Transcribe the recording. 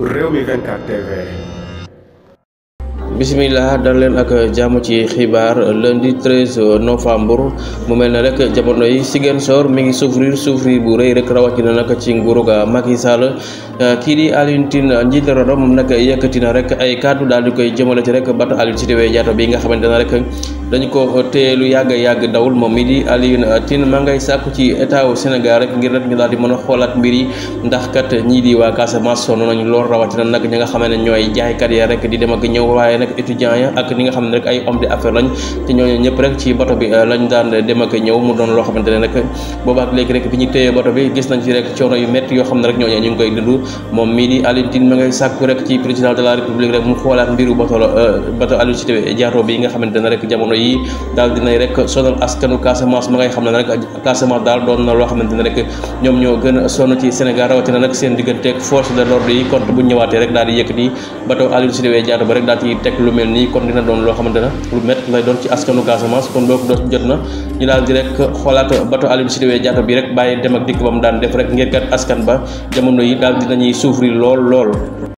Rewmi 24 TV bisimilah dal leen ak jàmm ci xibaar lundi 13 novembre mu mel ne rek jamono yi Ziguinchor mi ngi souffrir souffrir bu rëy rek rawatina nag ci nguurug Macky Sall kii di Alioune Tine njiitu réew moom nag yëkkati na rek ay kàddu daal di koy jëmale ci rek bato Aline Sitoé Diatta bi nga xamante ne rek dañu ko téye lu yàgg yàgg dawul moom mi di Alioune Tine maa ngay sàkku ci état wu Sénégal rek ngir rek ñu daal di mën a xoolaat mbir yi ndax kat ñii di waa Casamance sonn nañu lool rawatina nag ñi nga xam ne ñooy jaaykat ya rek di dem ak ak étudiants ya ak ñi nga xam ne rek ay hommes d'affaires lañ te ñooñu ñëpp rek ci bato bi euh, lañ daan dem ak ñëw mu doon loo xamante ne rek rek moom euh, ñoo gën a sonn ci Sénégal rawatina nag seen digganteeg force de l'ordre yi compte bu ñëwaatee rek daal di yëkkati bato Aline Sitoé Diatta ba rek daal di teg lu mel nii kon dina doon loo xamante ne lu métti lay doon ci askanu Casamance kon loolu doo jot na ñu daal di rek xoolaat bato Aline Sitoé Diatta bi rek bàyyi dem ak dikk ba mu daan def rek ngir kat askan ba jamono yi daal suuf ri lool lool.